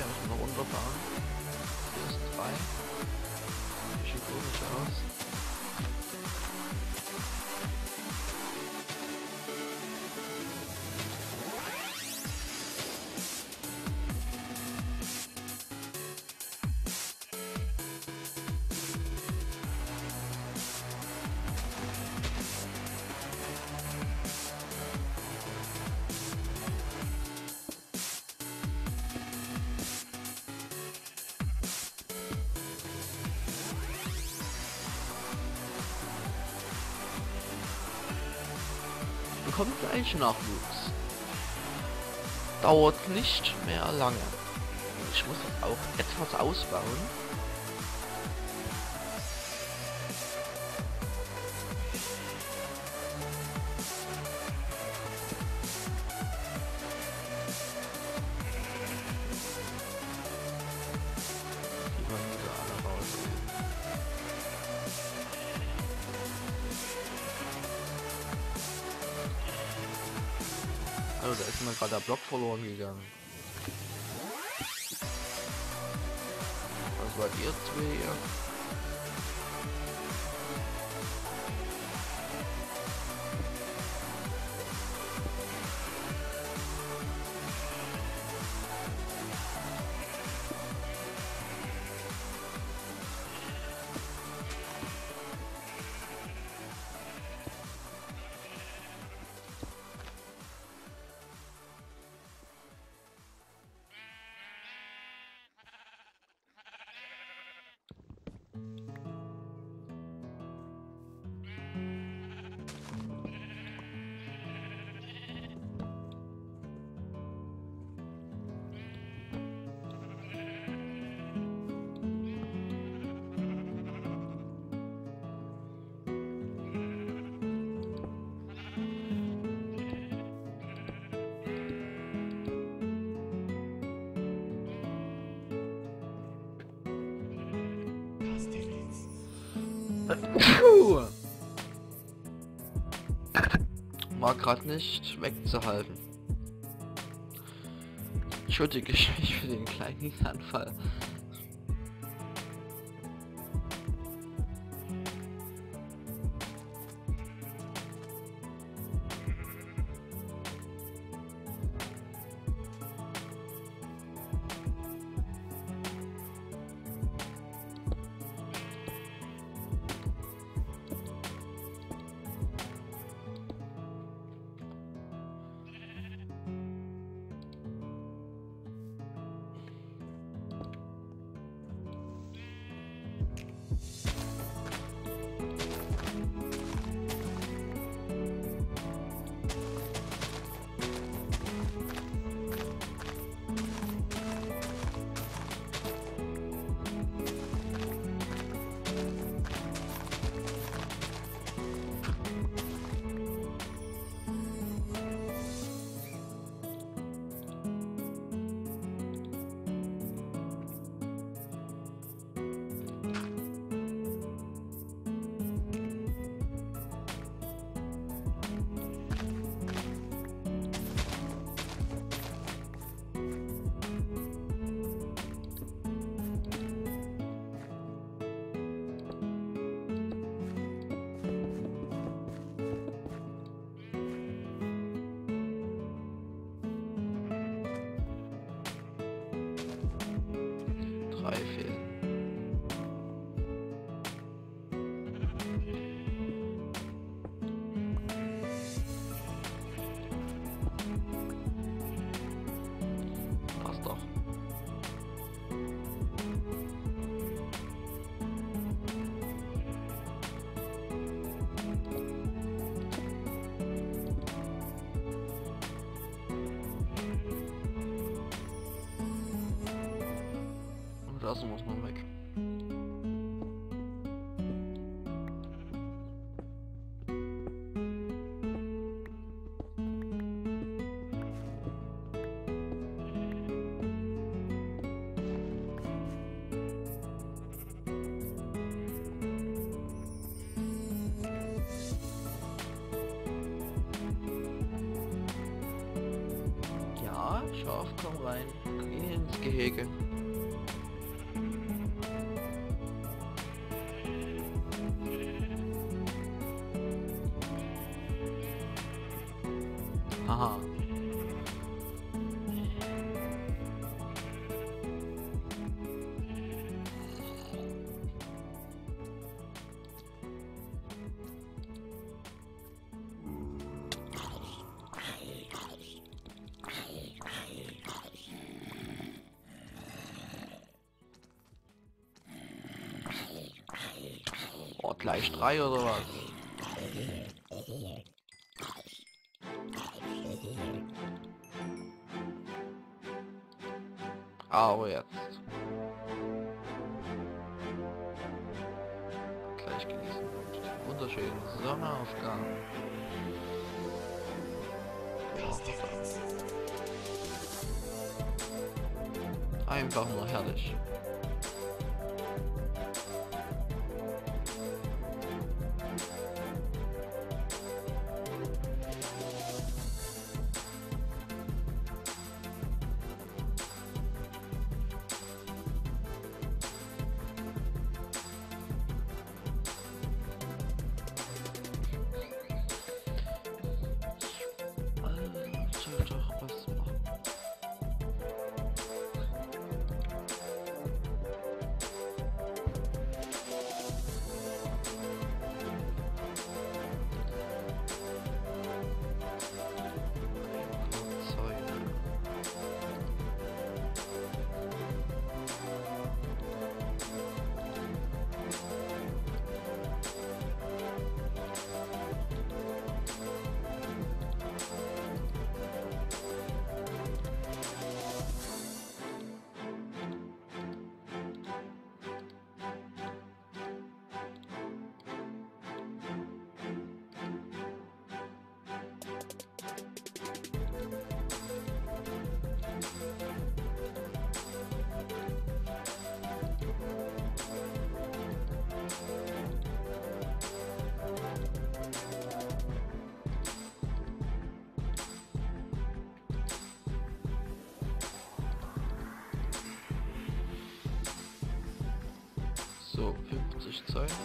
hier müssen wir runterfahren. Hier ist 2. Hier sieht komisch aus. bekommt gleich Nachwuchs. Dauert nicht mehr lange. Ich muss auch etwas ausbauen. Oh, da ist mir gerade der Block verloren gegangen. Was war ihr zwei? Puh. Mag gerade nicht wegzuhalten. Entschuldige ich mich für den kleinen Anfall. super. Und lassen wir es mal weg. drauf, komm rein. Geh ins Gehege. Haha. Fleisch drei oder was? Aber jetzt. Gleich genießen den wunderschönen Sonnenaufgang. Einfach nur herrlich. So, 50 zeigen.